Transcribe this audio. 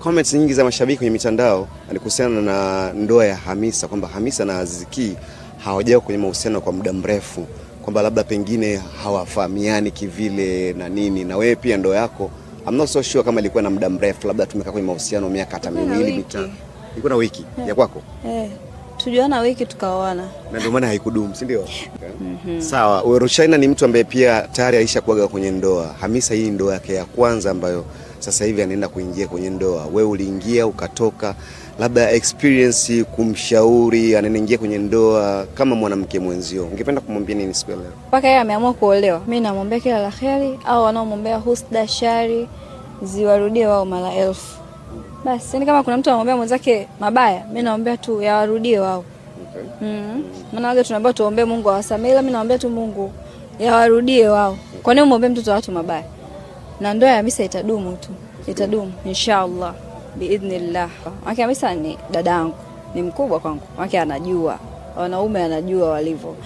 comments nyingi za mashabiki kwenye mitandao kuhusiana na ndoa ya Hamisa kwamba Hamisa na Aziki hawajao kwenye mahusiano kwa muda mrefu, kwamba labda pengine hawafahamiani kivile na nini, na wewe pia ndoa yako I'm not so sure kama ilikuwa na muda mrefu, labda tumekaa kwenye mahusiano miaka hata miwili mitatu, ilikuwa na wiki ya eh. kwako eh tujuana wiki tukaoana, na ndio maana haikudumu, si ndio? Mhm. Sawa, wewe ni mtu ambaye pia tayari alishakuaga kwenye ndoa. Hamisa, hii ndoa yake ya kwanza ambayo sasa hivi anaenda kuingia kwenye ndoa, wewe uliingia ukatoka, labda experience kumshauri anaingia kwenye ndoa kama mwanamke mwenzio, ungependa kumwambia nini siku leo? Mpaka yeye ameamua kuolewa, mimi namwombea kila la heri, au wanaomwombea husda shari ziwarudie wao mara elfu. Basi yani kama kuna mtu anamwambia mwenzake mabaya, mimi naombea tu yawarudie wao. Okay. Mm. Maana wage tunaambiwa tuombee Mungu awasamehe, ila mimi naombea tu Mungu yawarudie wao. Kwa nini umwombee mtoto wa watu mabaya? Na ndoa ya Hamisa itadumu tu. Itadumu inshallah biidhnillah. Wake Hamisa ni dadangu, ni mkubwa kwangu. Wake anajua wanaume, anajua walivyo.